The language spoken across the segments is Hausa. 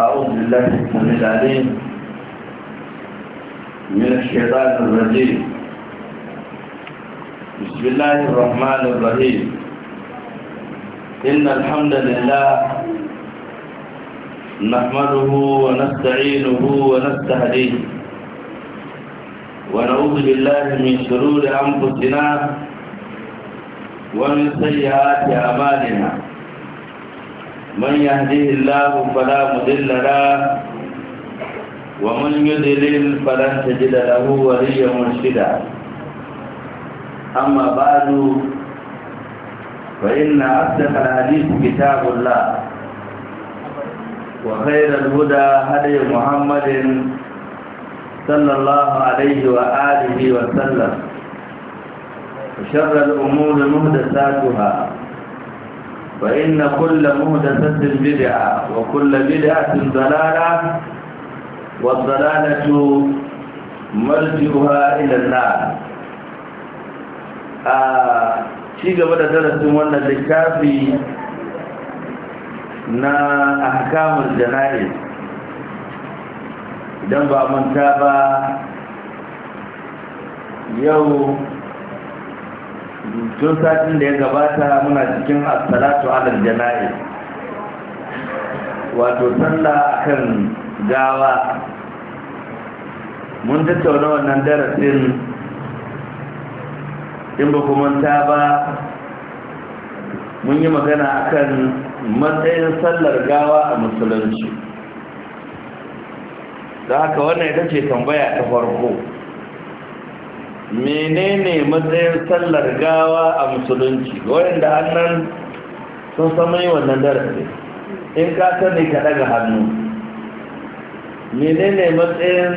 أعوذ بالله من العليم من الشيطان الرجيم بسم الله الرحمن الرحيم إن الحمد لله نحمده ونستعينه ونستهديه ونعوذ بالله من شرور أنفسنا ومن سيئات أعمالنا من يهديه الله فلا مضل له ومن يضلل فلن تجد له وليا مرشدا أما بعد فإن أصدق الحديث كتاب الله وخير الهدى هدي محمد صلى الله عليه وآله وسلم وشر الأمور مهدساتها فإن كل مهدسة بدعة وكل بدعة ضلالة والضلالة مرجعها إلى النار a cigaba da darasin wannan littafi na ahkamul jana'iz dan ba manta ba yau tun satin da ya gabata muna cikin assalatu alal jana'i wato sallah akan gawa mun tattauna wannan darasin in ba manta ba mun yi magana kan matsayin sallar gawa a musulunci da haka wannan ita ce tambaya ta farko menene matsayin sallar gawa a musulunci da annan sun samai wannan darasi in ka sani ka daga hannu menene matsayin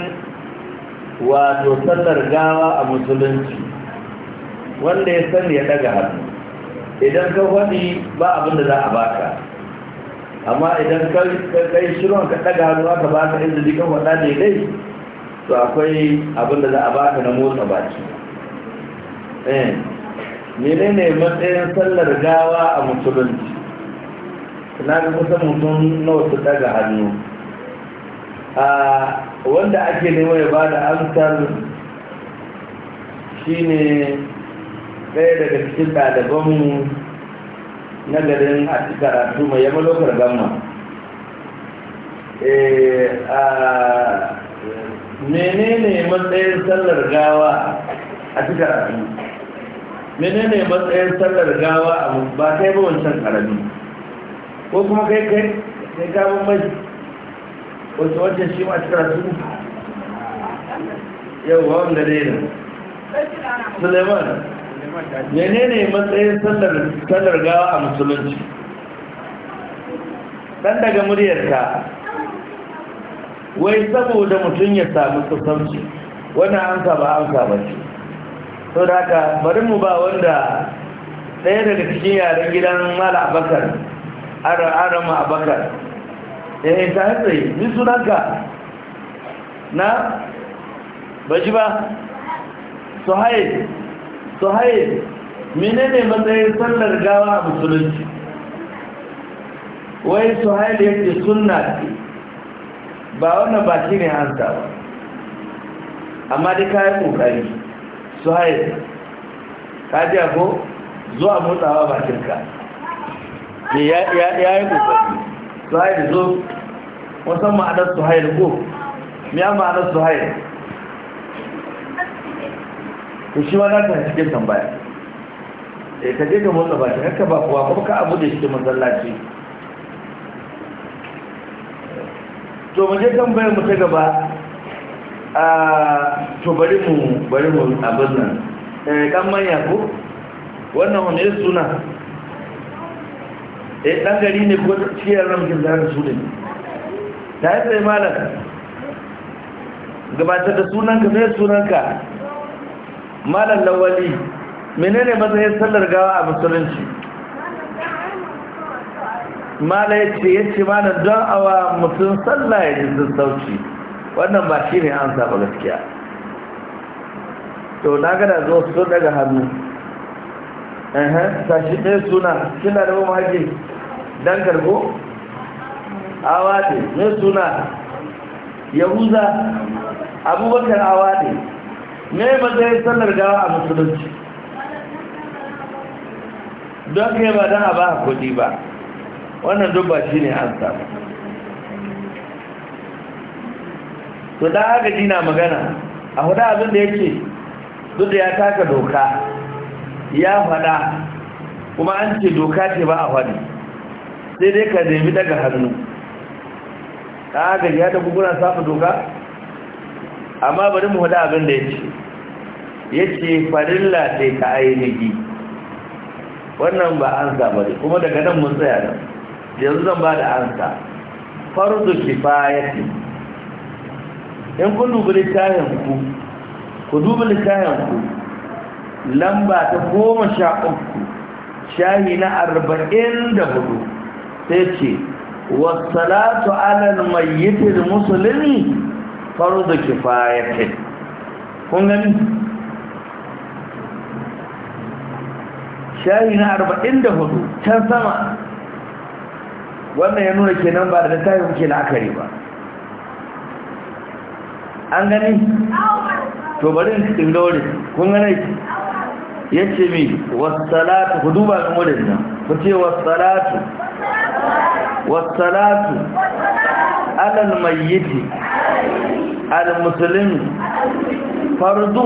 wato sallar gawa a musulunci wanda ya sani ya daga hannu idan ka faɗi ba abin da za a baka amma idan ka kai shirin ka daga hannu aka baka inda jikin faɗa daidai to akwai abin za a baka na motsa baki eh menene matsayin sallar gawa a musulunci na ga kusan mutum nawa su daga hannu a wanda ake nema ya bada amsar ne ɗaya daga cikin ɗalibanmu na garin a karatu mai yamma lokar gamma eh, menene matsayin sallar gawa a cikin abin menene matsayin sallar gawa a ba kai ba wancan karami ko kuma kai kai kai gaban mai wasu wancan shi ma cikin rasu yau ba wanda ne ne suleiman menene matsayin sallar gawa a musulunci dan daga muryarka wai saboda mutum ya samu kusanci wani amsa ba amsa ba ce sau da haka bari mu ba wanda ɗaya daga cikin yaren gidan mala abakar arama abakar eh ta hatsari ni sunanka na baji ba haye mine ne matsayin sallar gawa a musulunci wai da yake sunna ce ba wannan ba shi ne hanta ba amma dai ka yi kokari su haye ka ji ko zuwa motsawa bakinka ya yi kokari su haye da zo wasan ma'anar su haye da ko miya ma'anar su haye ku shi ma zaka cikin tambaya eh, ka je ka motsa bakin haka ba kuwa kuma ka abu da shi masallaci to mu je kan bayan mu ta gaba a to bari mu bari mu abin nan eh dan manya ko wannan wani suna eh dan gari ne ko ciyar ramkin da su ne ta yi sai malam gabatar da sunanka sai sunanka malam lawali menene matsayin sallar gawa a musulunci mala ya ce ya ce mana don awa mutum sallah ya ji sun sauci wannan ba shi ne an saba gaskiya to na gada zo su daga hannu sashi ɗaya suna kina da mu haƙi don karbo ne Ne suna yahuza abubakar Awa awade mai matsayin sallar gawa a musulunci don kai ba don a ba kuɗi ba wannan dubba shi ne an samu to da haka na magana a huda abin da yake duk da ya taka doka ya fada kuma an ce doka ce ba a faɗi sai dai ka nemi daga hannu ta haka ya tafi kuna safa doka amma bari mu huda abin da yake ce farilla sai ta ainihi wannan ba an samu kuma daga nan mun tsaya nan yanzu zan ba da ansa farzu kifayati in kun dubi littafin ku ku dubi littafin ku lamba ta goma sha uku shahi na arba'in da hudu sai ce wasalatu alal mayyitil musulmi farzu kifayati kun gani shahi na arba'in da hudu can sama wannan ya nuna kenan ba da littafi muke la'akari ba an gani to bari in ga wurin kun gane ya ce mi wasalatu ku duba min wurin nan ku ce wasalatu wasalatu alal mayyiti al musulmi fardu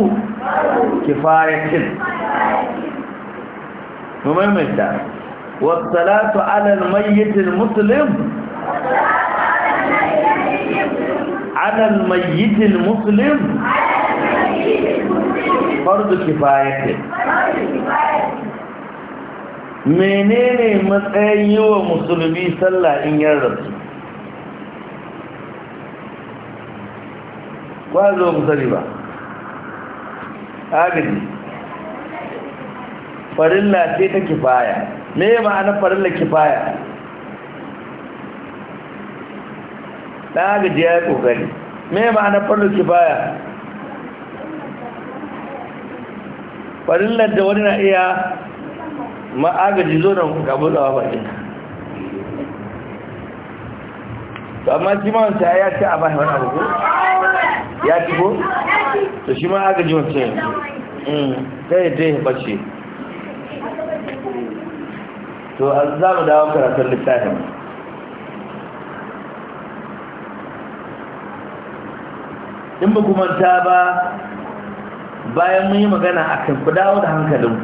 kifayatin mu maimaita والصلاة على الميت المسلم على الميت المسلم فرض كفاية menene matsayin yi wa musulmi sallah in yin rasu ba zo musali ba agaji farilla ce ta kifaya me ma'anar farilla kifaya ɗan gaji ya yi ƙoƙari me ma'anar farilla kifaya farilla da wani na iya ma'agaji zo nan gabu tsawa bakinka to amma shi ma wanta ya ce a ba wani abu ya ci ko to shi ma agaji wanta yanzu ta mm, yi ta yi bace to za mu dawo karatun littafin in ba manta ba bayan mun yi magana a kan ku dawo da hankalin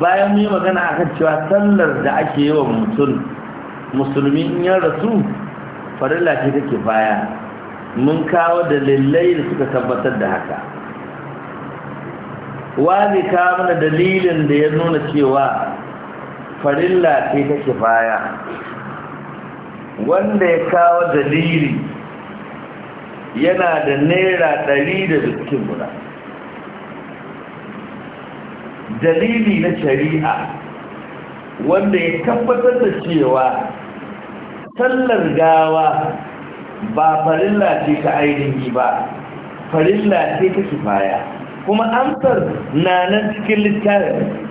bayan mun yi magana a kan cewa sallar da ake yi wa mutum musulmi in ya rasu farilla ce take baya mun kawo da dalilai da suka tabbatar da haka wa zai kawo mana dalilin da ya nuna cewa farilla ce ta kifaya wanda ya kawo dalili yana da naira ɗari da dukkin guda dalili na shari'a wanda ya tabbatar da cewa sallar gawa ba farilla ce ta ainihi ba farilla ce ta kifaya kuma amsar na nan cikin littafin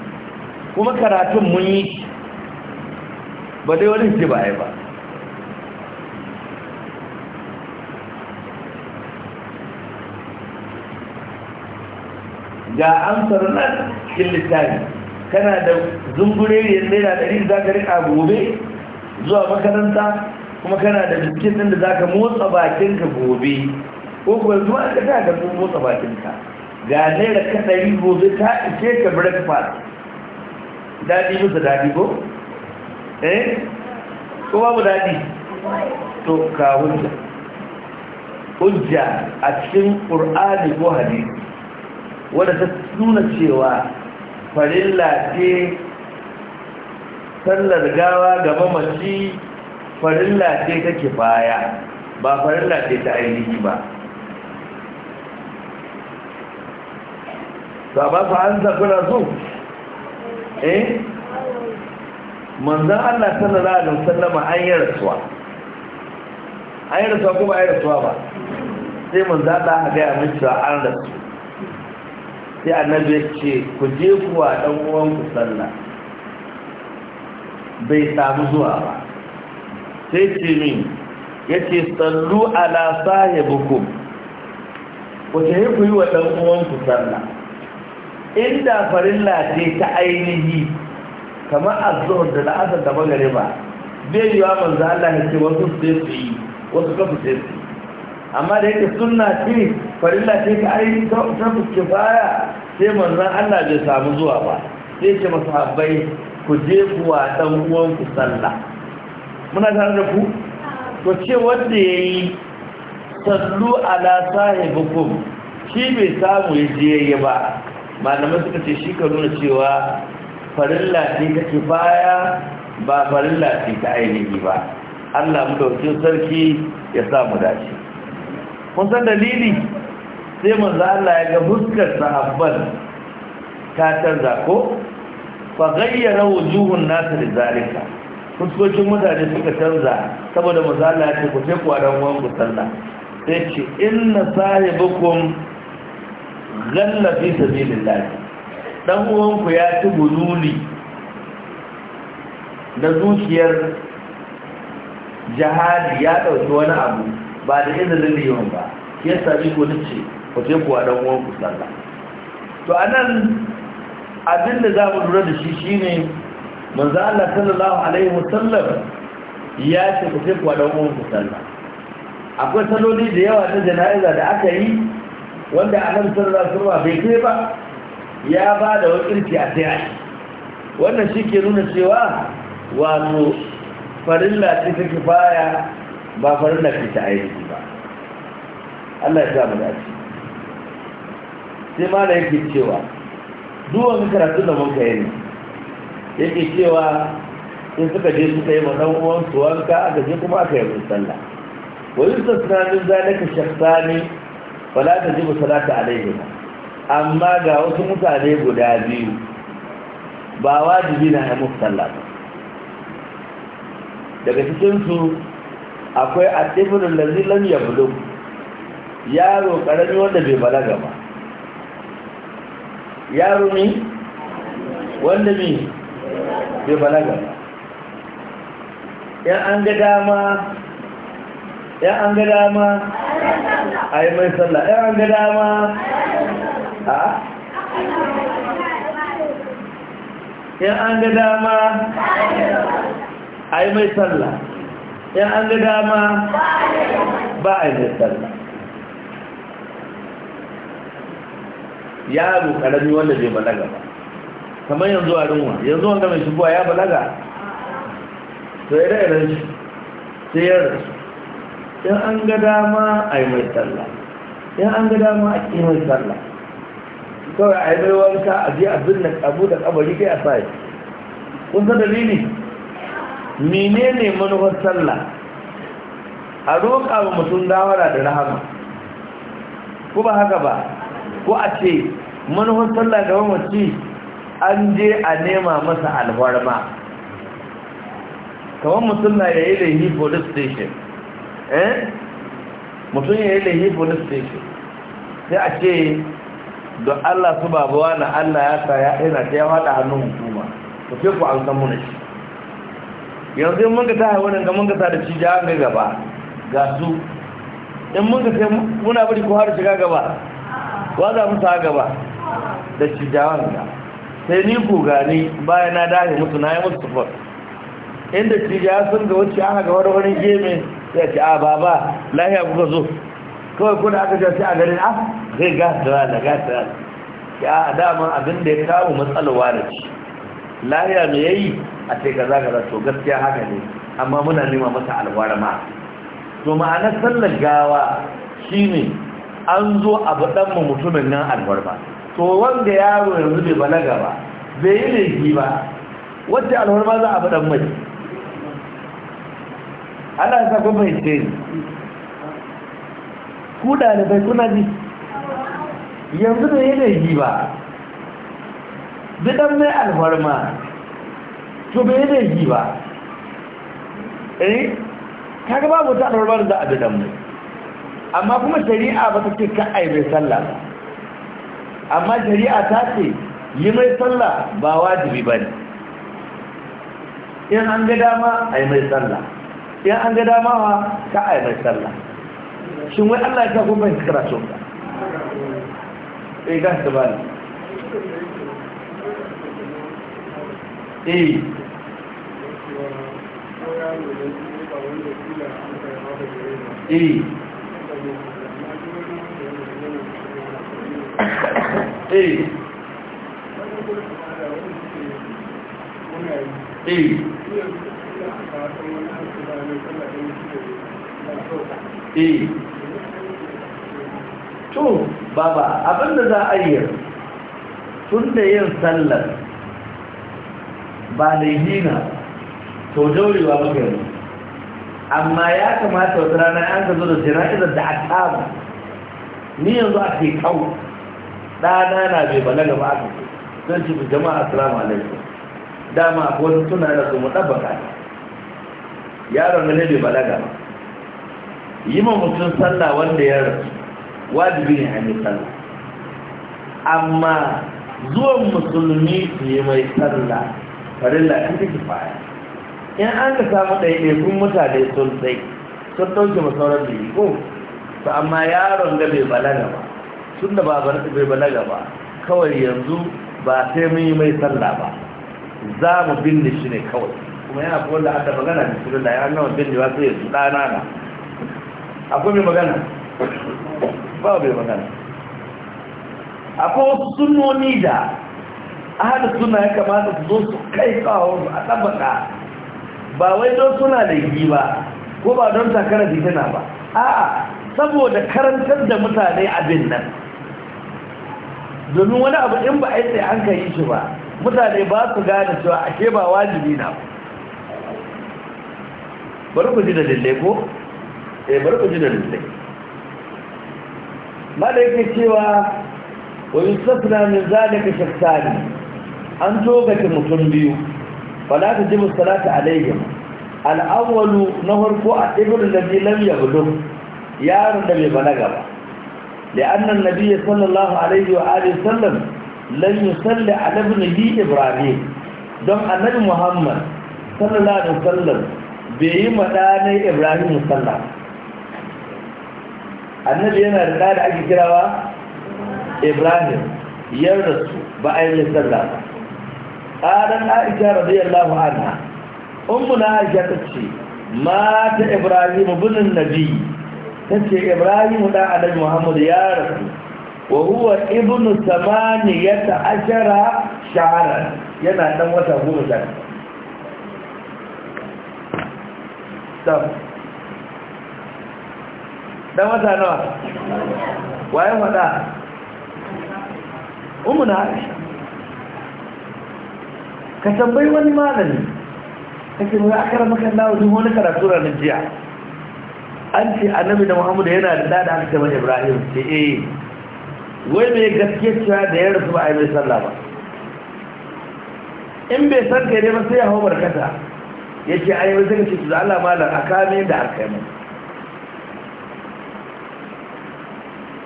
kuma karatun mun yi ba dai wani ji ba ba ga amsar nan cikin littafi kana da zungureriyar naira ɗari za ka rika gobe zuwa makaranta kuma kana da bikin nan da za ka motsa bakinka gobe ko kuwa zuwa ka ta motsa bakinka ga naira ka ɗari gobe ta ishe ka breakfast daɗi musu daɗi ko? eh? ko mu daɗi? to ka hujja hujja a cikin ƙur'ani ko hadisi wadda ta nuna cewa farilla ce sallar gawa ga mamaci farilla ce take baya ba farilla ce ta ainihi ba ba ba su an zakuna eh manzan Allah sallallahu alaihi wasallama an yi rasuwa an yi rasuwa kuma an yi rasuwa ba sai manzan Allah a gaya min cewa an rasu sai annabi ya ce ku je kuwa dan uwan ku sallah bai samu zuwa ba sai ce min ya ce sallu ala sahibukum ku je ku yi wa dan uwan ku sallah inda farilla ce ta ainihi a azzuhur da la'asar da magariba bai wa manzo Allah ya ce wasu sai su yi wasu kafu sai su amma da yake sunna ce farilla ce ta ainihi ta fuske baya sai manzon Allah bai samu zuwa ba sai ce masahabbai ku je kuwa dan uwanku sallah muna tare da ku to ce wanda yayi sallu ala sahibukum shi bai samu yaje yayi ba malamai suka ce shi ka nuna cewa farilla ce kake baya ba farin ce ta ainihi ba Allah mu dauke sarki ya sa mu dace kun san dalili sai manzo Allah ya ga fuskar sahabban ta canza ko fa gayyara wujuhun nas zalika fuskokin mutane suka canza saboda manzo Allah ya ce ku ce ku a ran wanku sallah sai ce inna sahibukum zalla fi sabilillah dan uwanku ya ci bululi da zuciyar jihadi ya dauki wani abu ba da izinin liyon ba ya sami ko nace ku ce ku dan uwanku sallah to anan abin da za mu lura da shi shine manzo Allah sallallahu alaihi wasallam ya ce ku ce ku dan uwanku sallah akwai saloli da yawa ta jana'iza da aka yi wanda a nan sarara ba bai kai ba ya ba da wakilci a sai ake wannan shi ke nuna cewa wato farilla ce ta kifaya ba farilla ce ta aiki ba Allah ya sa mu dace sai ma da yake cewa duwan karatu da mun kai ne yake cewa in suka je suka yi wannan uwan suwanka wanka aka je kuma aka yi sallah wa yusuf na min zalika ne? wala ta jibu salata alaihi amma ga wasu mutane guda biyu ba wajibi na ya musu sallah daga cikinsu akwai atibirin lalzi lam ya bulu yaro karami wanda bai balaga ba yaro ne wanda bai balaga ba in an ga dama yan an ga dama a yi mai sallah yan an ga dama a yan an ga dama a yi mai sallah yan an ga dama ba a yi mai sallah yaro karami wanda bai balaga ba kamar yanzu a rinwa yanzu wanda mai shigowa ya balaga to ire-iren shi sai ya rasu in an ga dama a yi mai sallah in an ga dama a ƙi mai sallah kawai a yi mai wanka a je a binne abu da kabari kai a sai kun san dalili menene manufar sallah a roƙa ba mutum dawara da rahama ko ba haka ba ko a ce manufar sallah ga mamaci an je a nema masa alfarma kamar mutum na yayi da hifo da station eh mutum ya yi laihi police station sai a ce don allah su babuwa na allah ya sa ya ina ta yawa da hannun hukuma ku ce ku an san muna shi yanzu in mun ka ta haiwanin ga munka ta sa da shi ja ga gaba ga su in mun ka sai muna bari ko har shiga gaba wa za mu sa gaba da shi ja ga sai ni ku gani bayan na dahi musu na yi musu support inda shi ja sun ga wacce aka gaba da wani geme sai ce a baba lahiya kuka zo kawai kuna aka ce a garin ah, a zai gasa da gasa ya dama abin da ya kawo matsalawa da shi lahiya me yayi a ce kaza kaza to gaskiya haka ne amma muna nema masa alwara ma to ma'ana sallar gawa shine an zo a baɗan mu mutumin nan ba to wanda yaro yanzu bai balaga ba bai yi laifi ba wacce ma za a baɗan mai Allah ya saka bai ce ku bai kuna ji yanzu da yanayi ba bidan mai alfarma to bai yanayi ba eh kaga babu ta alfarmar da a bidan mai amma kuma shari'a ba ta ce ka aibe sallah amma shari'a ta ce yi mai sallah ba wajibi ba ne in an ga dama a yi mai sallah in an ga dama ka a mai sallah shin wai Allah ya ta kuma yin karatun ka eh ga ta bani eh eh eh eh eh to baba abinda za a yi tun da yin sallar ba da hina to jaurewa maka yanzu amma ya kamata wata rana an ka zo da jana'izar da akamu ni yanzu a ke kawo ɗana na bai da ba aka don ci jama'a assalamu alaikum dama ko tuna da su mu ɗabbaka yaron ne bai balaga ba yi ma mutum sallah wanda ya rasu wajibi ne a amma zuwan musulmi su yi mai sallah farilla an take faya in an ka samu ɗaiɗaikun mutane sun tsaye sun ɗauke masauran da yi ko su amma yaron ga bai balaga ba tun da ba bai balaga ba kawai yanzu ba sai mun yi mai sallah ba za mu binne shi ne kawai kuma yana kuma wanda aka magana da su da ya nawa bin jiwa sai su ɗana na akwai mai magana ba mai magana akwai wasu sunoni da ahadu suna ya kamata su zo su kai kawo su a tabbata ba wai don suna da yi ba ko ba don takarar fitina ba a'a saboda karantar da mutane abin nan domin wani abu in ba a yi tsaye an ka yi shi ba mutane ba su gane cewa ake ba wajibi na ba bari ku ji da lalle ko eh bari ku ji da lalle mala yake cewa wa yusafna min zalika shakhsani an togata mutum biyu fala tajibu salatu alaihim na awwalu a at da alladhi lam yablugh yaron da bai balaga ba لأن النبي صلى الله عليه وآله وسلم لن يصلي على ابنه إبراهيم دم don محمد صلى الله عليه وسلم bai yi maɗanai ibrahim musalla annabi yana da ɗa da ake kirawa ibrahim yar da su ba a yi musalla ƙaran aisha radiyallahu anha ummu na aisha ta ce mata ibrahim binin nabi ta ce ibrahim ɗan annabi muhammadu ya rasu wa huwa ibnu samaniyata ashara shahara yana ɗan wata goma sam dan wata nawa waye wada umu na aisha ka tambayi wani malami kake mai akara maka Allah duk wani karatu ran jiya an ce annabi da muhammadu yana da dada aka ce ibrahim ce eh wai me gaske cewa da ya rasu ba a yi mai sallah ba in bai san kai ne ba sai ya hau barkata Yake ce ai wajen ce su da malar a kame da aka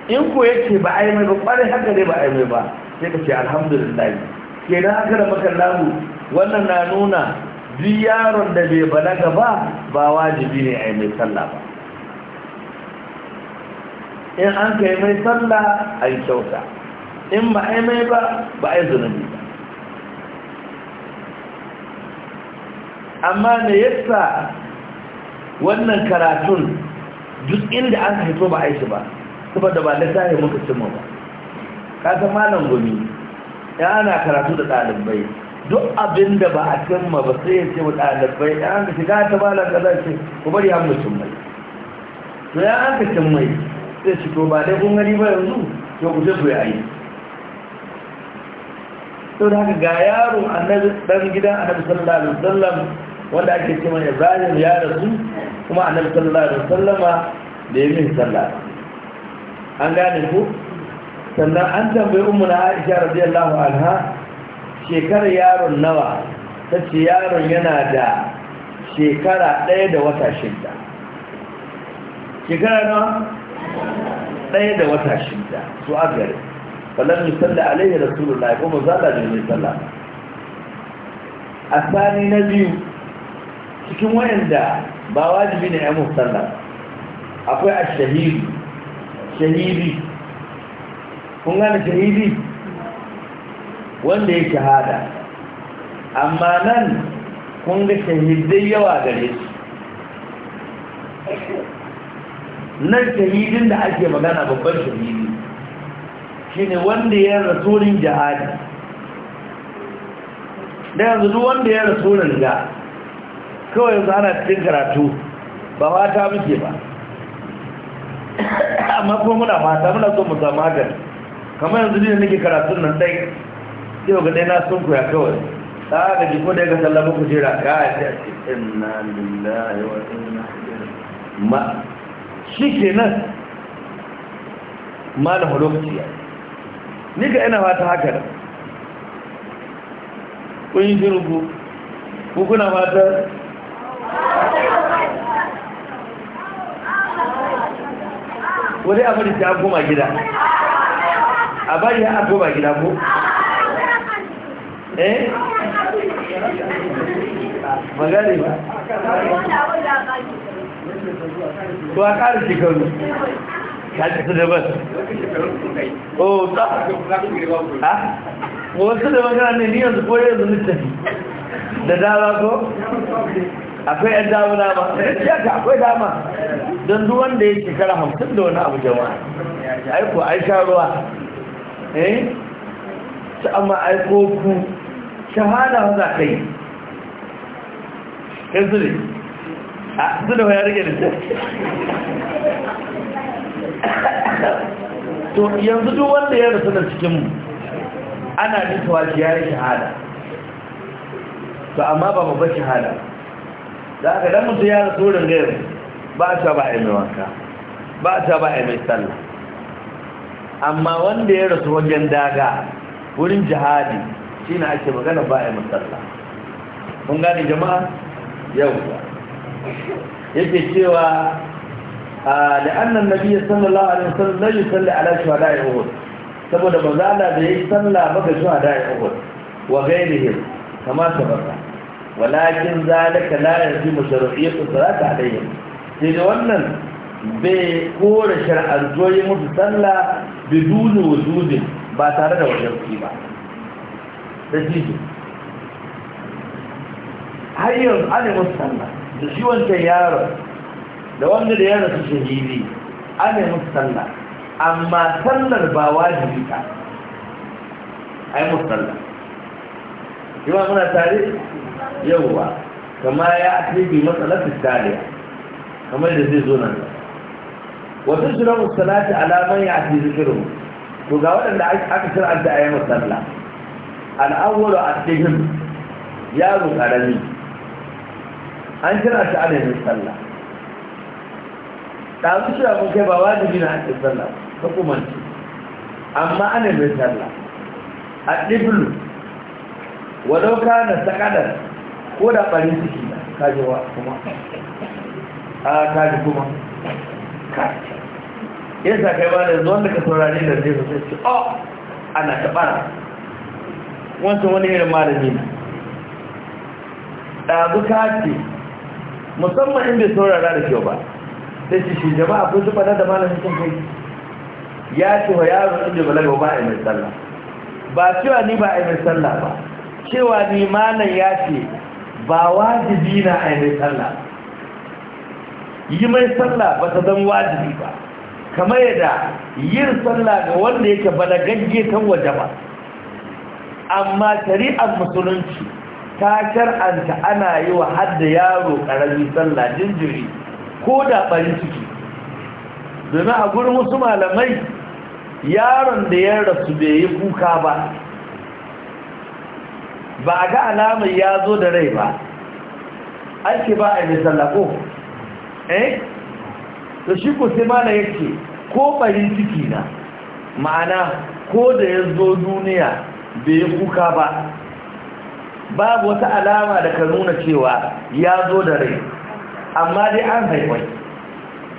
yi in ko ya ba a yi mai ba haka ne ba a yi mai ba sai ka ce alhamdulillah ke na haka da maka lamu wannan na nuna duk yaron da bai balaga ba ba wajibi ne a yi mai sallah ba in an ka yi mai sallah a yi kyauta in ba a yi mai ba ba a yi zunubi ba amma me yasa wannan karatun duk inda an haito ba aishi ba saboda ba littafi muka cimma ba ka san malam gumi ya ana karatu da dalibai. duk abin da ba a cimma ba sai ya ce wa dalibai. ya an ka shiga ta malam ka zai ce ku bari an mutum mai to ya an ka cimmai sai ci to ba dai kun gani ba yanzu to ku ce ku yi aiki to da haka ga yaro annabi dan gidan annabi sallallahu alaihi wasallam wanda ake cewa ibrahim ya rasu kuma annabi sallallahu alaihi wasallama da yayin sallah an gane ku sannan an tambayi ummuna aisha radiyallahu anha shekarar yaron nawa tace yaron yana da shekara ɗaya da wata shida shekara nawa ɗaya da wata shida su agare falon misalla alaihi rasulullahi kuma zala da misalla a sani na biyu cikin wayanda ba wajibi ne ya musalla akwai a shahidi kun gane shahidi wanda ya shahada amma nan kun ga shahidai yawa gare su nan shahidin da ake magana babban shahidi shine wanda ya rasulin jihadi da yanzu duk wanda ya rasulin ga kawai yanzu ana cikin karatu ba mata muke ba amma kuma muna fata muna so mu samu hakan kamar yanzu ne nake karatun nan dai sai ga dai na sun koya kawai da ga ko da ga sallama ku jira ka ya ce inna lillahi wa inna ilaihi ma shikenan ma da lokaci ya ni ga ina fata haka da kun yi shiru ku kuna fata wani abin da an koma gida a bari an koma gida ko eh magana ba to a ƙara shekaru ka ci su daban o ta ha wasu da magana ne ni yanzu ko yanzu littafi da dawa ko akwai yan damuna ba ya ka akwai dama don duk wanda ya shekara hamsin da wani abu jama'a aiko ai ruwa eh ta amma aiko ku shahada za ka yi ya ne a su wa ya rike da to yanzu duk wanda ya rasu da cikinmu ana nufin wace ya yi shahada to amma ba babbar shahada da aka dan mutu ya rasu wurin gairu ba a ta ba a yi mai wanka ba a ta ba a yi mai sallah amma wanda ya rasu wajen daga wurin jihadi shi na ake magana ba a yi mai sallah mun gane jama'a yau yake cewa لأن النبي صلى الله عليه وسلم لا يصلي على شهداء أحد saboda manzo Allah da yayi sallah maka shuhada ya Uhud wa ghairihim kama sabaka walakin zalika la yajibu shar'iyyatu salati alayhi sai da wannan bai kore shar'an joyi musu sallah bidun wujudi ba tare da wajibi ba da jiji har yanzu ana musu sallah da shi wancan yaron da wanda da yaron su shahidi ana musu sallah amma sallar ba wajibi ta ai musu sallah. Ima muna tare yawwa kama ya ake bi matsalar taliya kamar da zai zo nan wata sura musalati alaman ya ake zikirin to ga waɗanda aka shir'anta a yi masalla al'awwalu a cikin ya ƙarami an shir'anta a yi masalla ta su shirya mun kai ba wajibi na ake sallah ta kumanci amma an yi masalla a ɗiblu wadauka na sakadar ko da ɓarin ciki ji wa kuma a ji kuma ka. yin sa kai ba da yanzu wanda ka saurari da zai zai ce o oh, ana taɓara wancan wani irin malami ne ɗazu ce. musamman in bai saurara da kyau ba sai shi shi jama'a kun zuba da malamin sun kai ya ce wa yaro in bai balaga ba a yi mai sallah ba cewa ni ba a yi mai sallah ba cewa ni malam ya ce ba wajibi na a mai sallah yi mai sallah ba ta zan wajibi ba kamar yadda yin sallah da wanda yake balagagge kan waje ba amma shari'ar musulunci ta shar'anta ana yi wa hadda yaro ƙarami sallah jinjiri ko da bari ciki domin a gurin wasu malamai yaron da ya rasu bai yi kuka ba ba a ga alamar ya zo da rai ba an ba a yi eh da shi ku sai mana yake ko barin ciki na ma'ana ko da ya zo duniya bai kuka ba babu wata alama da ka nuna cewa ya zo da rai amma dai an haifai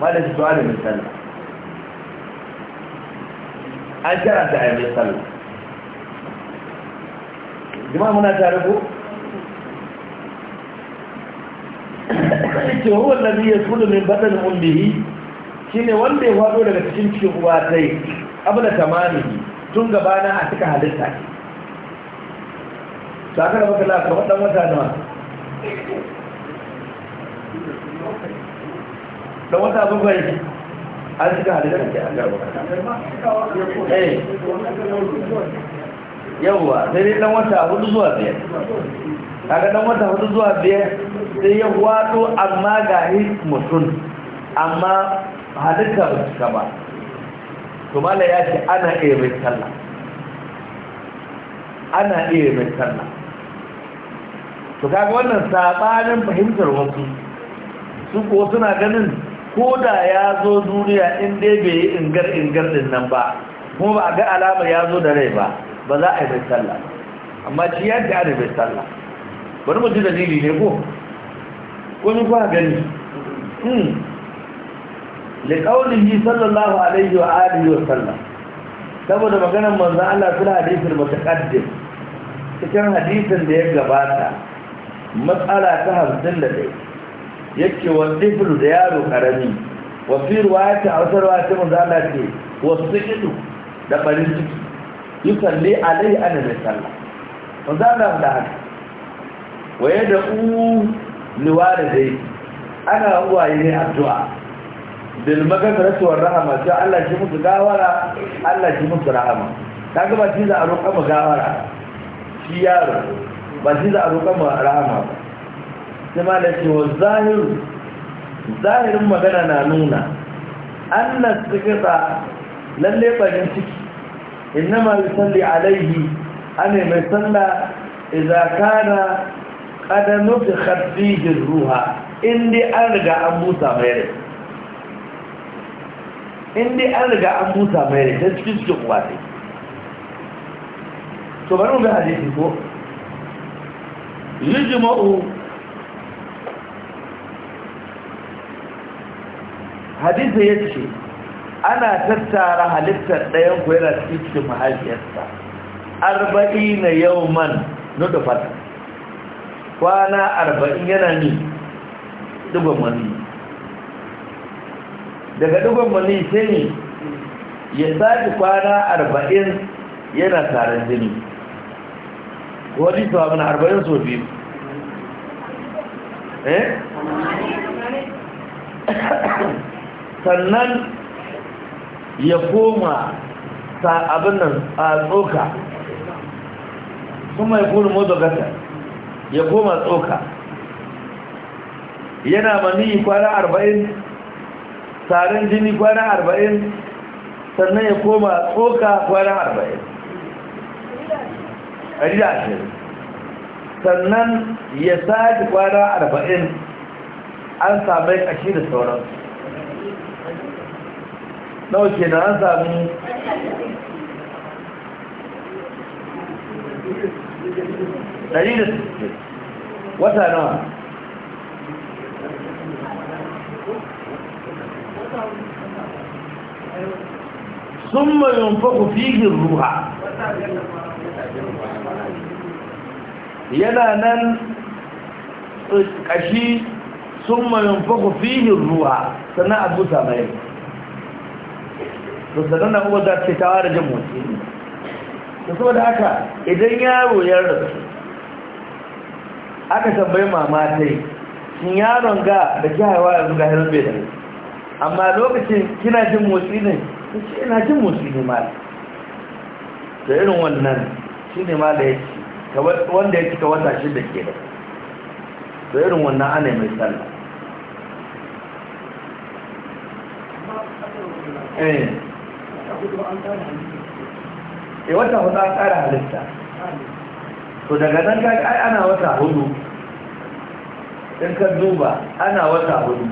ba da shi zuwa da misalla an kira da ayyar misalla jama'a muna tare ko ke huwa nabi ya tulu min badal ummihi shine wanda ya wado daga cikin cikin uwa sai abla tamani tun gabana a cika halitta ne saka da baka lafa wadan wata nawa da wata bakwai an cika halitta ne a garba eh yawwa sai dai dan wata hudu zuwa biyar kaga dan wata hudu zuwa biyar sai ya wato amma ga mutum amma halitta ba su ba to mala ya ce ana iya mai sallah ana iya mai sallah to kaga wannan sabanin fahimtar wasu su ko suna ganin ko da ya zo duniya in dai bai yi ingar ingar din nan ba kuma ba a ga alamar ya zo da rai ba ba za a yi mai sallah amma yadda ya da da mai sallah bari mu ji dalili ne ko ko ni ba gani hmm li qawlihi sallallahu alaihi wa alihi wa sallam saboda maganar manzan Allah fil hadithil mutaqaddim cikin hadisin da ya gabata matsala ta hamsin da dai, yake wanda ifiru da yaro ƙarami wasu ruwa ya ce a wasu ce manzo Allah ce wasu ido da ɓarin ciki yi salli alai ana mai sallah. ba za na da haka waye da u liwa da dai ana uwaye ne addu'a bil war rahama sai Allah ji musu gawara Allah ji musu rahama ta ba ji za a roƙa mu gawara shi yaro ba ji za a roƙa mu rahama ba sai ma da cewa zahiru zahirin magana na nuna an na lalle barin ciki إنما يصلي عليه أنا ما يصلى إذا كان قد نفخت فيه الروح إني أرجع أموسى ميري إني أرجع أموسى ميري تسكيس جواتي سبحانه بحديثي فوق يجمع حديث يكشي ana tattara halittar ɗayan ku yana cikin mahaifiyarsa arba'i na yau man nudufata kwana arba'in yana ne dugon mani daga dugon mani sai ne ya sake kwana arba'in yana taron jini wani su mana arba'in so biyu eh sannan ya koma abin nan a tsoka kuma ya kone mozo gasa ya koma tsoka yana mani kwana arba'in tarin jini kwana arba'in sannan ya koma tsoka kwana arba'in ɗari ashirin sannan ya sake kwana arba'in an sami ƙashi da sauransu ɗauke na an sami ɗari da wata nawa sun mayan faku fihin ruha yana nan ƙashi sun mayan faku fihin ruha sannan a buta to sannan uwa za ce ta ware jin motsi ne saboda haka idan yaro ya rasu aka tambayi mama ta yi shin yaron ga da ke haiwa yanzu ga hirar bai da amma lokacin kina jin motsi ne ce ina jin motsi ne ma da irin wannan shi ne ma da ya ci wanda ya cika wata shi da ke da da irin wannan ana mai sallah eh. e wata hudu an ƙara halitta to daga nan kaga ai ana wata hudu in ka duba ana wata hudu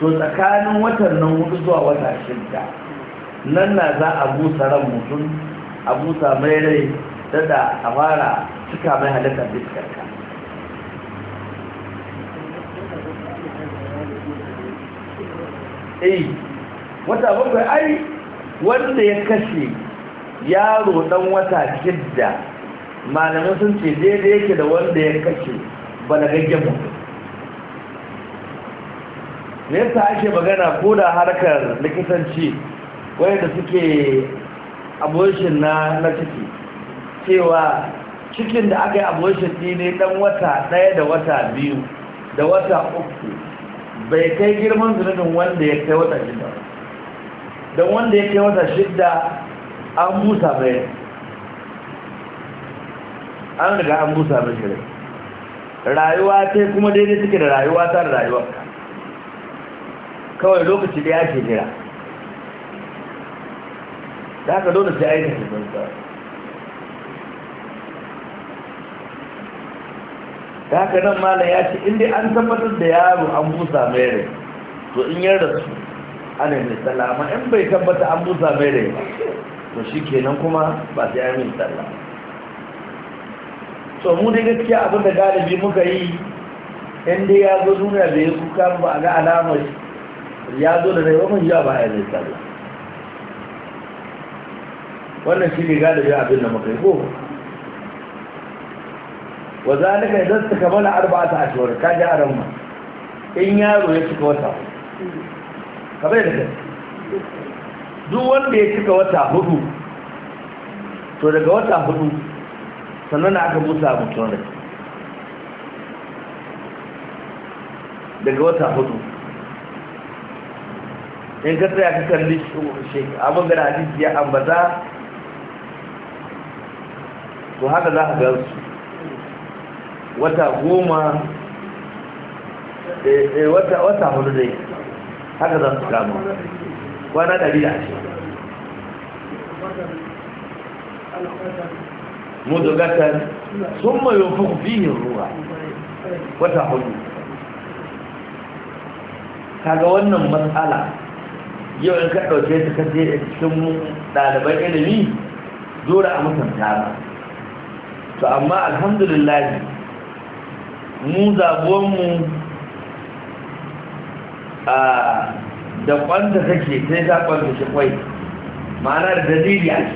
to tsakanin watan nan hudu zuwa wata shida nan na za a busa ran mutum a busa mai rai da a fara cika mai halittar ka eh wata bakwai ai wanda ya kashe yaro dan wata shidda malamin sun ce daidai yake da wanda ya kashe balagagge mutum me yasa ake magana ko da harkar likitanci wanda suke abortion na na ciki cewa cikin da aka yi abortion ɗi ne ɗan wata ɗaya da wata biyu da wata uku bai kai girman zunubin wanda ya kai wata ba don wanda ya kai wata shidda an busa mai an riga an busa mai shirai rayuwa ta kuma daidai suke da rayuwa ta da rayuwa kawai lokaci da ya ke jira da haka dole sai aiki da zanta da haka nan malam ya ce inda an tabbatar da yaro an busa mai rai to in yarda su ana mai sallah amma in bai tabbata an busa mai rai ba to shi kenan kuma ba sai an yi sallah so mu dai gaskiya abin da galibi muka yi in dai ya zo duniya da ya kuka ba a ga alamar ya zo da rayuwa mun ya ba ya mai sallah wannan shi ne galibi abin da muka yi ko wa zalika idan suka bala arba'ata ashhur kaji aran ma in yaro ya cika wata kamar da duk wanda ya cika wata hudu to daga wata hudu sannan aka musa mutum da daga wata hudu in ka tsaya ka kalli abin da hadisi ya ambata to haka za a ga su wata goma eh, eh, wata hudu yi. haka za su kama kwana ɗari da ashirin mudugatan sun mayo biyun ruwa wata hudu kaga wannan matsala yau in ka ɗauke ta kace a cikin ɗalibai ilimi dora a mutunta ba to amma alhamdulillah mu zabuwanmu a da kwanta take sai ta kwanta shi kwai ma'ana da dalili a shi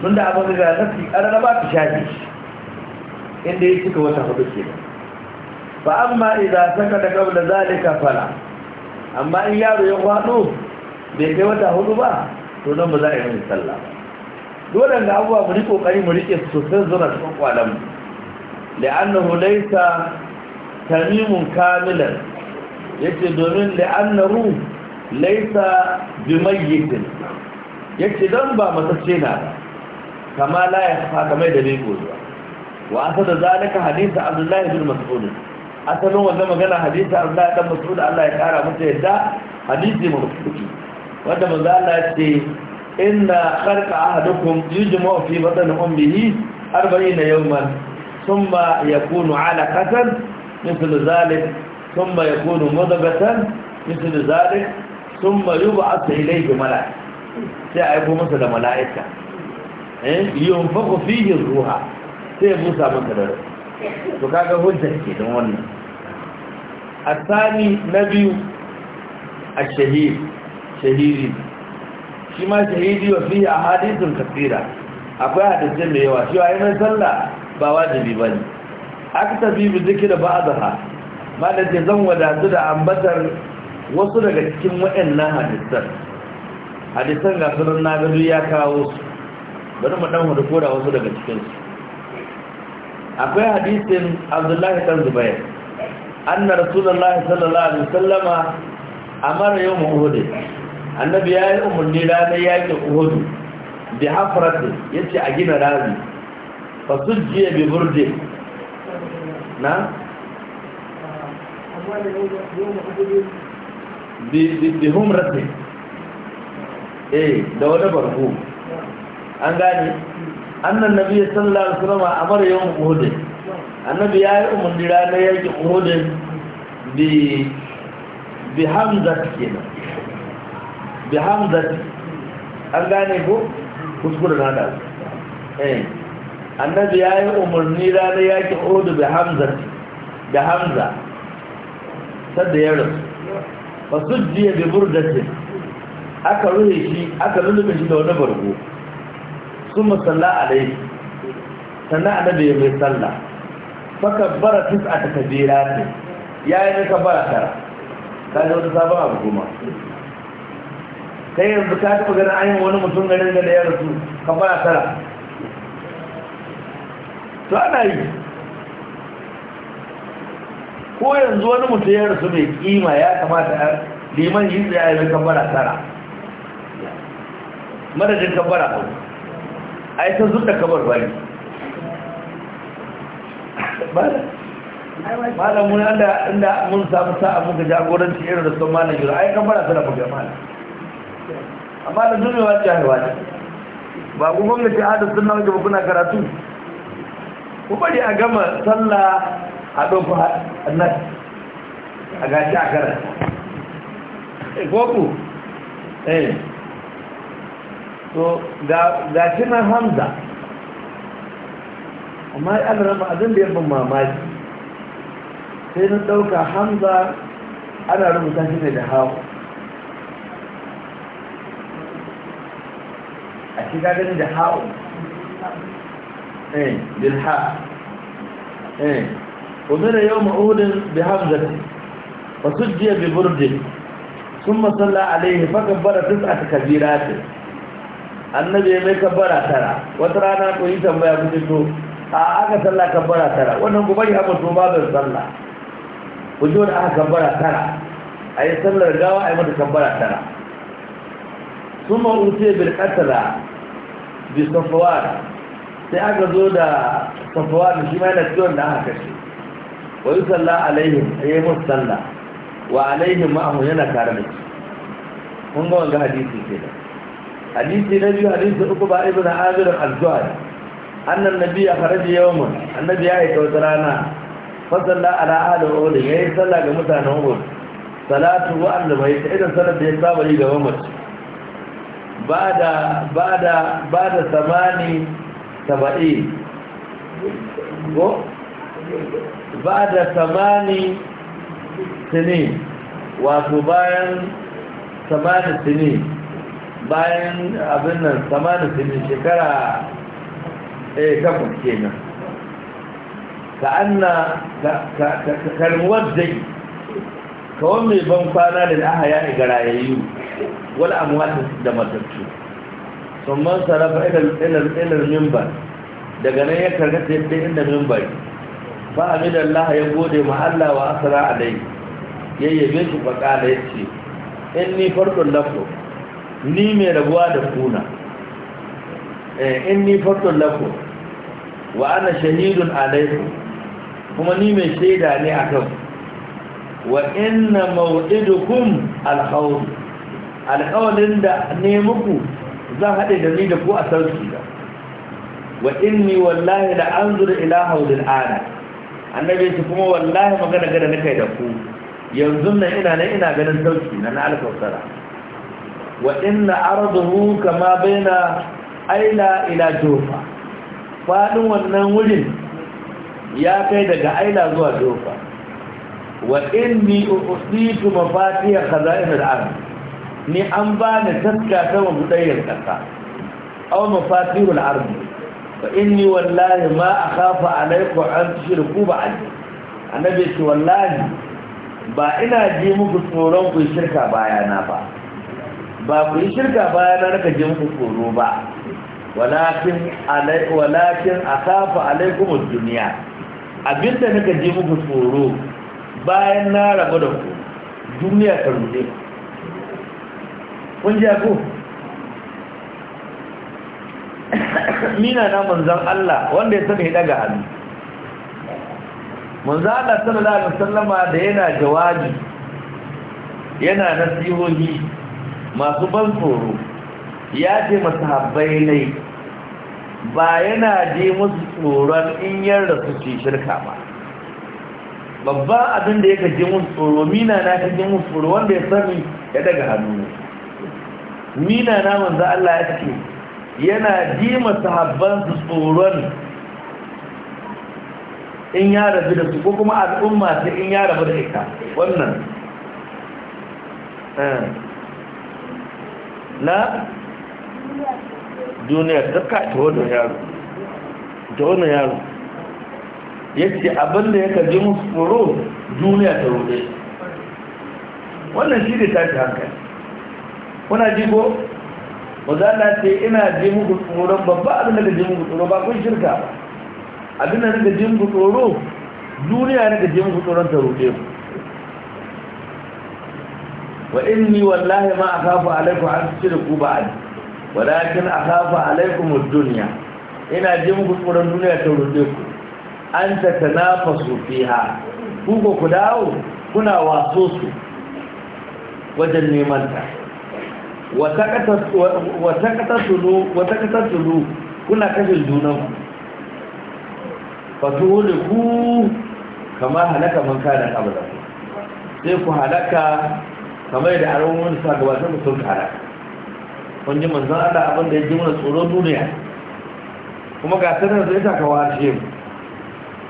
tun da abin da zafi a rana ba ta shafi shi inda ya cika wata hudu ke ba amma idan saka da kabla zalika fara. amma in yaro ya kwado bai kai wata hudu ba to nan ba za a yi mai sallah dole ga abubuwa mu yi kokari mu rike su sosai zura cikin kwalan mu annahu laisa tamimun kamilan yace domin da annaru laisa bimayyitin yace dan ba matacce na kama la ya fa kamar da bai gozo wa asada zalika hadisi abdullahi bin mas'ud asalin wannan magana hadisi abdullahi dan mas'ud Allah ya kara masa yadda hadisi mutsuki wanda manzo Allah ya ce inna kharqa ahadukum yujma'u fi batni ummihi 40 yawman thumma yakunu 'alaqatan mithlu zalika ثم يكون مضغة مثل ذلك ثم يبعث إليه ملائكة سيعيبه مثل ملائكة ينفق فيه الروح سيبوسى مثل الروح وكاكا هجة كده الثاني نبي الشهيد شهيدي shi ma shahidi wa fiye a hadisun kafira akwai hadisai mai yawa shi wa mai sallah ba wajibi ba ne aka tafi bi zikira ba a zaha malar ce zan wadatu da ambatar wasu daga cikin na hadisan hadisan ga sunan gado ya kawo su bari mu ɗan hudu da wasu daga cikinsu akwai hadisin abdullahi ɗan zubair anna rasulullahi sallallahu alaihi a mara yau mu uhudu annabi ya yi umarni ranar yaƙi uhudu da hafratin ya ce a gina rami fasujjiya bi burde na bi rabbi eh da wani barko an gane annan nabi sallallahu alaihi wasallam amara yawm uhud annabi ya yi umarni ranar yaki uhud bi bi hamza kina bi hamza an gane ko kuskure na da eh annabi ya yi umarni ranar yaki uhud bi hamza bi hamza sadda ya rasu ba su jiya da burdatin aka ruhe shi aka lullube shi da wani bargo Su musalla a dai sannan annabi ya mai sallah faka bara tis a takabira ne ya yi nika bara tara ka ji wata sabon abu kuma kai yanzu ka taɓa ganin ayin wani mutum ganin da ya rasu ka bara tara to ana yi ko yanzu wani mutum ya rasu mai kima ya kamata liman yi tsaye ya kambara tara madadin kambara hau a yi ta zuɗa kabar bari malamun yadda inda mun samu sa'a muka jagoranci irin da sun malam yi ai kambara tara muka malam amma da zumewa ce haihuwa ce ba ku gwamnati adadin na wajen kuna karatu ku bari a gama sallah haɗo ba nan a gashi a e goku eh to gashi na hamza amma an rama abin da yabin mamaki sai na ɗauka hamza ana rubuta shi ne da hawa a shiga gani da hawa eh bilha eh ومن يوم أهود بحمزة وسجي ببرد ثم صلى عليه فكبر تسعة كبيرات annabi mai kabbara tara wata rana ko yi tambaya ku to a aka sallah kabbara tara wannan ku bari haka to babin sallah ku ji wani aka kabbara tara a yi sallar gawa a yi mata kabbara tara sun bi sai aka zo da safawar shi ma yana ciwon da aka wa yi salla alaihim sai ya musu salla wa alaihim ma'ahu yana tare da shi kun ga wanga hadisi ke da hadisi na biyu hadisi uku ba ibn abir al-zuhari annan nabi ya faraji mun, annabi ya yi wata rana fa salla ala ahli ya yi salla ga mutanen uhud salatu wa annabi ta idan salat da ya saba yi ga umar bada bada bada samani saba'i ba'da samani sinin wato bayan samani sinin bayan abin nan samani sinin shekara eh takwas kenan ka anna ka kalmuwar zai kawon mai ban kwana da aha ya ga rayayyu wani amwata da matattu sun man sarrafa ilar mimbar daga nan ya karkata yadda inda mimbar fa amidan laha ya gode ma Allah wa asara asra alai yayyabe shi faƙala ya ce in ni farkon lafo ni mai rabuwa da kuna eh, in ni farkon lafo wa ana shahidun alaikum kuma ni mai shaida ne a kan wa inna maw'idukum alhawl alhawlin da ne muku zan haɗe da ni da ku a sarki da wa inni wallahi la anzuru ila hawlil ana annabi shi kuma wallahi magana gada na kai da ku yanzu nan ina nan ina ganin sauki na na alkausara wa inna arduhu kama baina aila ila jofa fadin wannan wurin ya kai daga aila zuwa jofa wa inni usitu mafatiha khaza'in al-ard ni an bani taska ta mudayyan kasa aw mafatihul ardh fa inni wallahi ma akhafu alaikum an tushriku ba'di annabi ce wallahi ba ina ji muku tsoron ku shirka bayana ba ba ku yi shirka bayana naka ji muku tsoro ba walakin a walakin akhafu alaikum ad-dunya abinda naka ji muku tsoro bayan na rabu da ku duniya ta rude kun ji ku mina na manzan Allah wanda ya sani ya daga hannu manzan Allah sallallahu alaihi sallama da yana jawabi yana nasihohi masu ban tsoro ya ce masahabbai ne ba yana je musu tsoron in yarda su ce shirka ba babban abin da yake je musu tsoro mina na ta mun musu tsoro wanda ya sani ya daga hannu mina na manzan Allah ya ce yana jima sahabban su tsoron in ya rabu da su ko kuma al'umma sai in ya rabu da ita wannan eh. na duniya ta ka ta wani yaro ta wani yaro ya ce abinda ya kaji musu tsoro duniya ta rude wannan shi da ce hankali kuna ji ko maza na ce ina ji muku tsoron babba abin da ji muku tsoro ba kun shirka ba abin da ga ji muku tsoro duniya ne ga ji muku tsoron ta roƙe mu wa inni wallahi ma akhafu alaikum an tushriku Wadakin walakin akhafu alaikum ad-dunya ina ji muku tsoron duniya ta roƙe ku an ta tanafasu fiha ku ku dawo kuna waso su wajen neman ta wata katar tulu kuna kashin junan fatu wuli ku kama halaka man kanan abada sai ku halaka kamar a aron wani sa gabatar da sun kara Wani ji manzan ala abin da ya ji mana tsoron duniya kuma ga sanar zai ta kawo harshe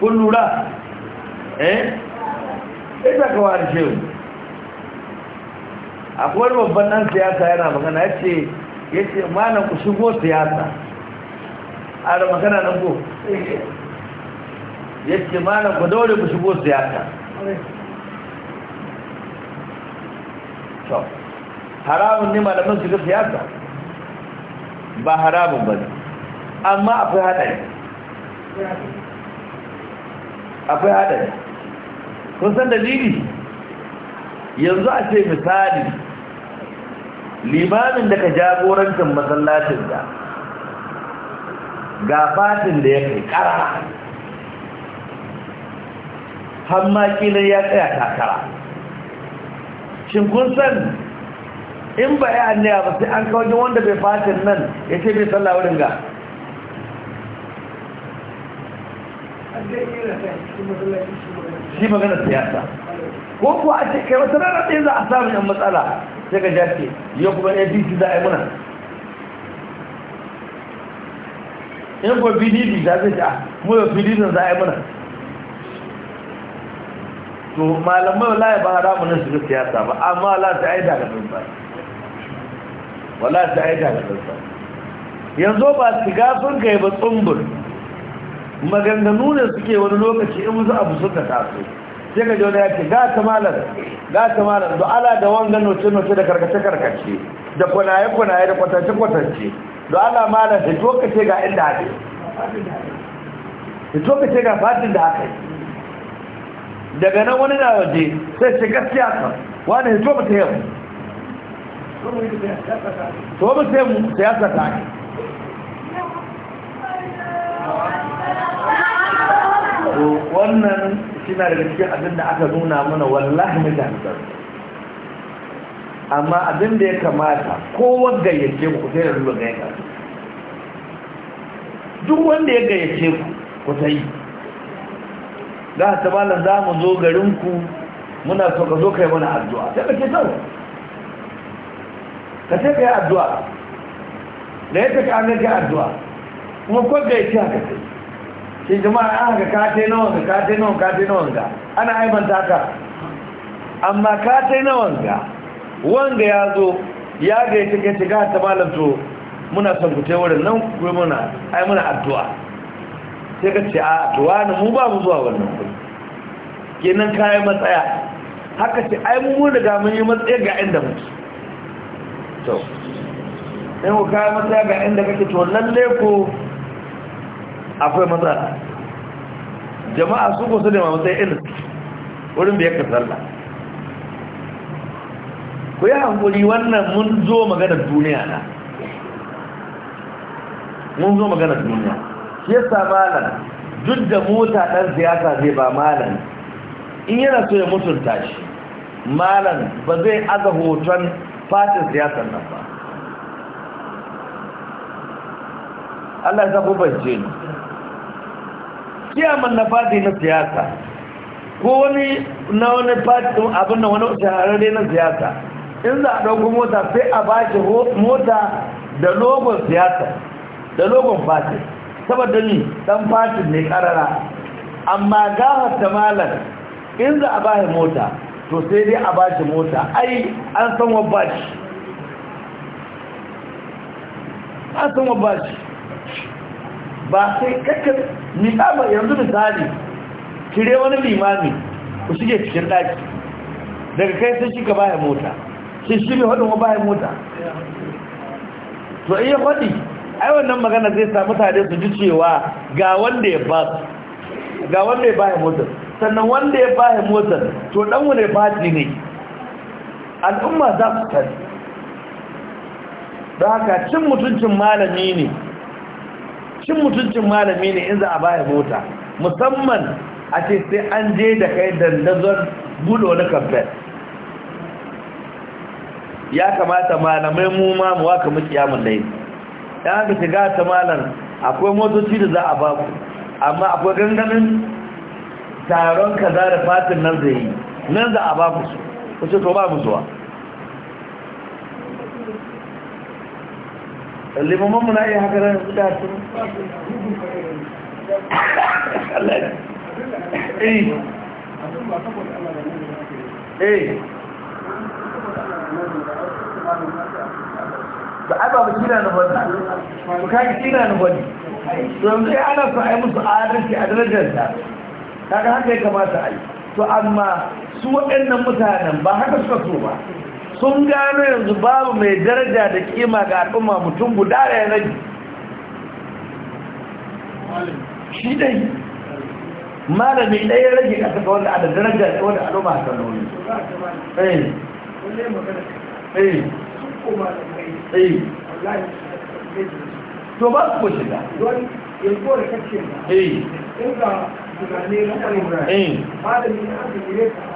kun lura eh zai ta kawo harshe akwai babban nan siyasa yana magana ya ce ya ce malam ku shigo siyasa a da magana nan ko ya ce malam ku daure ku shigo siyasa haramun ne malamin shiga siyasa ba haramun ba ne amma akwai haɗari akwai haɗari kun san dalili yanzu a ce misali limamin da ka jagorancin masallacin da ga fatin da ya kai karara hamma kila ya tsaya takara shin kun san in ba ya annaya ba sai an kawo wanda bai fatin nan ya ce bai sallah wurin ga shi magana siyasa ko kuwa a ce kai wata rana ɗaya za a samun yan matsala sai ka jace yau kuma abc za a yi muna in ni pdp za su ja ah, mura pdp za a yi muna to malamai ya ba haramu nan shiga siyasa ba amma wala ta aida ga tsuntsa wala ta aida ga tsuntsa yanzu ba su ga sun kai ba tsumbur maganganu ne suke wani lokaci in wasu abu suka taso sai ga jona ya ce ga ta malar ga ta malar da ala da wangan noce-noce da karkace-karkace da kunaye kunaye da kwatance-kwatance da ala malar da toka ce ga inda haɗe da toka ce ga fatin da haka daga nan wani na waje sai ce gaskiya kan wani hito ba ta yau to ba sai mu siyasa ta yi wannan suna daga cikin abin da aka nuna mana wallahi na jami'ar amma abin da ya kamata ya gayyace ku sai da zuwa gayyata duk wanda ya gayyace ku ku ta yi za a tabbala za mu zo garinku muna so ka zo kai mana addu'a sai ke sau ka sai ka yi addu'a da ya ka an gaji addu'a kuma kwan gayyace haka sai shi jama'a an haka kate na wanga kate na wanga kate na wanga ana aibanta ka amma kate na wanga wanga ya zo ya ga ya cike shiga ta malam to muna son ku tai nan ku muna ai muna addu'a sai ka ce a to wani mu ba mu zuwa wannan ku kenan kai matsaya haka ce ai mu mun riga mun yi matsaya ga inda mu to sai ku kai matsaya ga inda kake to lalle ku akwai matsala jama'a su kusa da mamatsayi irin wurin da ya kasarla ku yi hankuli wannan mun zo maganar duniya na mun zo maganar duniya shi yasa malam duk da mota ɗan siyasa zai ba malam in yana so ya mutunta shi malam ba zai aza hoton fatin siyasar nan ba Allah ya sa ku bance ni ciyaman na fati na siyasa ko wani na wani fati abin da wani shahararre na siyasa in za a ɗauko mota sai a ba shi mota da logon siyasa da logon fati saboda ni dan fati ne ƙarara amma gafar ta malar in za a ba shi mota to sai dai a ba shi mota ai an san wa an san wa ba shi ba sai kakka misali yanzu misali kire wani limami ku shige cikin daki daga kai sai shiga bayan mota sai shi hudun, hudun bayan mota to iya hudi ai wannan magana zai sa mutane su ji cewa ga wanda ya ba su ga wanda ya bayan mota. sannan wanda ya bayan mota, to dan ba ji ne al'umma za su kari da haka cin mutuncin malami ne cin mutuncin malami ne in za a baya mota musamman a ce sai an je da kai dandazon budo na kamfen ya kamata malamai mu ma mu waka mu kiyamun yi. Ya haka shiga ta malam akwai motoci da za a ba ku amma akwai ganganin taron kaza da fatin nan zai yi nan za a ba ku su ku ce to ba mu zuwa limaman muna iya haka da yanzu da eh. eh. ba ai ba ba kina na wani ba ka kina na wani don sai ana so a yi musu adalci a darajarta kaga haka ya kamata a yi to amma su waɗannan mutanen ba haka suka so ba sun gano yanzu babu mai daraja da kima ga al'umma mutum guda da ya rage shi dai malami ɗaya rage a saka wanda a daraja da wanda al'umma a kan nuni to ba su ko shiga eh. don da kacce ba eh. in ga tunane na ba da eh. ne aka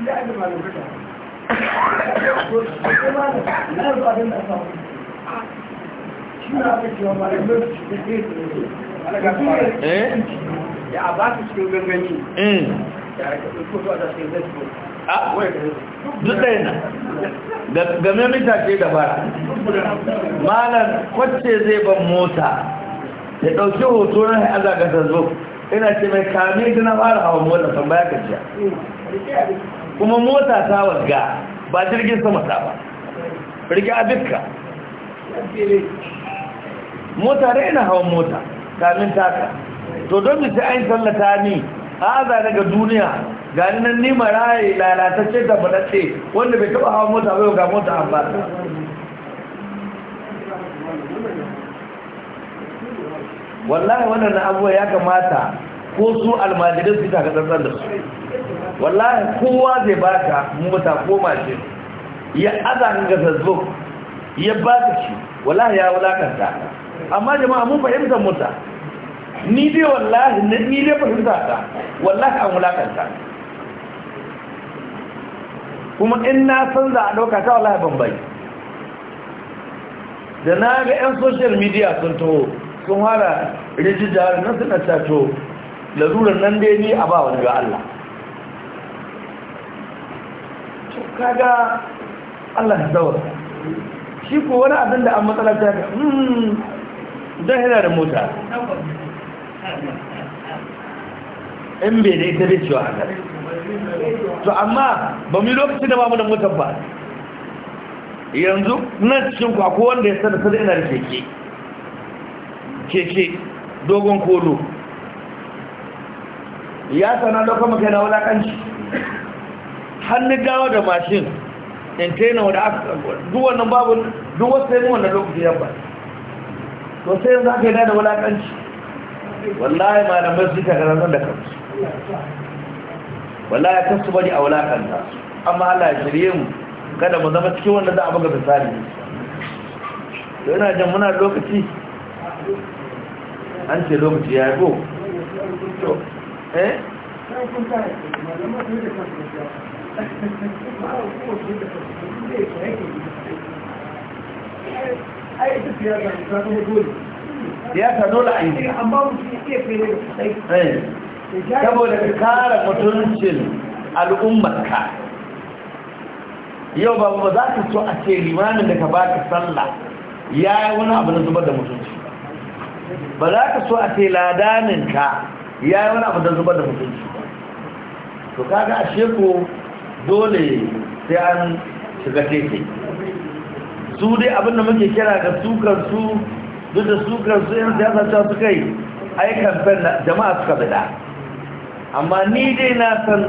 ya a ba eh? da malar kwace zai ban mota ya ɗauki hoto na haɗa ga yana ina ce mai kame na fara hawa mota san baya kaciya kuma mota ta wasga ba jirgin sama ta ba rike abinka mota da ina hawan mota kamin taka to don da sai an sallata ni haza daga duniya gani nan ni maraye lalatacce da wanda bai taba hawan mota bai ga mota an ba wallahi wannan abuwa ya kamata ko su almajirin su ta ga tsantsan da su wallahi kowa zai baka mota ko mashin ya azanin ga zazzo ya baka shi wallahi ya wulakanta amma jama'a mun fahimta mota ni dai wallahi ni dai fahimta ta wallahi an wulakanta kuma in na san za a ɗauka ta wallahi ban bai da na ga 'yan social media sun taho sun hara rijiyar nan suna cato larurar nan dai ni a ba wani ga Allah kaga Allah ya daura shi ko wani abin da an matsala ta ga hmm, don yana da mota in bai da ita bai cewa haka to amma ba mu yi lokaci da ba mu da motar ba yanzu nan cikin kwako wanda ya sani sada ina da keke keke dogon kolo ya sana lokacin maka wulakanci hannun gawa da mashin in tena wadda aka duk wannan babu duk wasu yi wannan lokaci yamma to sai yanzu aka yi da wulakanci wallahi malamai su ta zan da kansu wallahi su bari a wulakanta amma Allah shirye mu kada mu zama cikin wanda za a buga misali to yana jan muna lokaci an ce lokaci ya yi ko eh Ya siyasa dole a yi eh. saboda ka kara mutuncin al'ummarka yau ba ba za ka so a ce limanin da ka ba ka sallah ya yi wani abu na zubar da mutunci ba za ka so a ce ladaninka ya yi wani abu na zubar da mutunci ba. to kaga a sheku dole sai an shiga teke su dai abinda muke kira ga sukansu duk da sukansu yin siyasa cewa suka yi aikan jama'a suka bida amma ni dai na san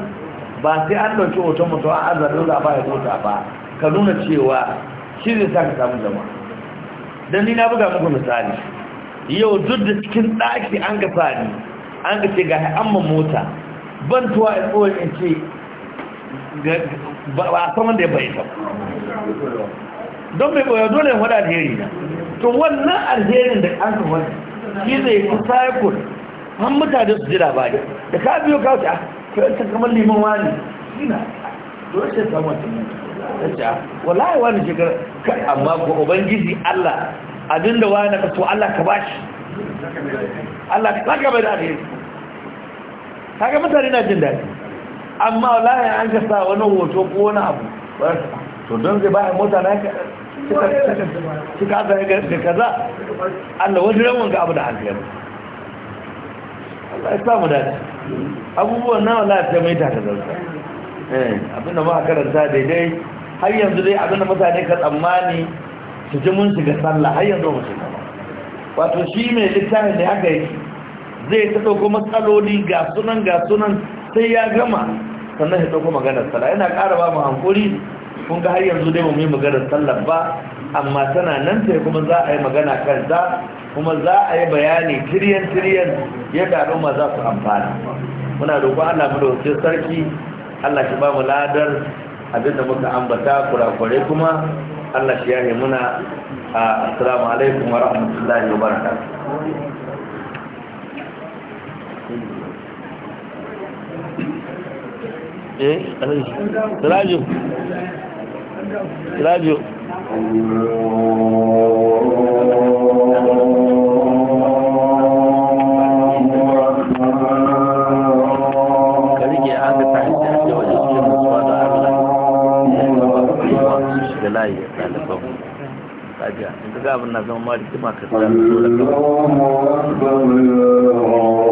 ba sai an ɗauki hoton mutu an arzar dole ba ya dota ba ka nuna cewa shi zai sa ka samu jama'a don ni na buga muku misali yau duk da cikin ɗaki an ga sani an ga ce ga an mota ban tuwa in ce ba san wanda ya bai ta don mai koyo dole wani alheri na to wannan alherin da an ka wani shi zai fi cycle an mutane su ji labari da ka biyo ka wuce ah, a ta kamar liman wani shi na dole sai samun mutum ta wallahi wani shekara kai amma ko ubangiji Allah abinda wani ka so Allah ka bashi Allah ka saka bai da alheri kaga mutane na jin daɗi amma wallahi an ka sa wani hoto ko wani abu to don zai bayan mota na suka aka da kaza Allah wajen ramin ga abu da hankali Allah ya samu dace abubuwan na wallahi sai mai taka zarta eh, abin da a karanta daidai har yanzu dai abin da mutane ka tsammani su ji mun shiga sallah har yanzu su shiga wato shi mai littafin da haka yake zai ta dauko matsaloli ga sunan ga sunan sai ya gama sannan ya ɗauko maganar sallah yana ƙara ba mu hankuri kun ga har yanzu dai mu yi maganar sallah ba amma tana nan sai kuma za a yi magana kan za kuma za a yi bayani tiriyan tiriyan yadda al'umma za su amfana muna roƙon Allah mu dauke sarki Allah shi ba mu ladar da muka ambata kurakure kuma Allah shi yahe muna assalamu alaikum wa rahmatullahi wa barakatuh eh rajo rajo ya ɗaliban mu kaja in ga abin na zama ma ka tsara da kawai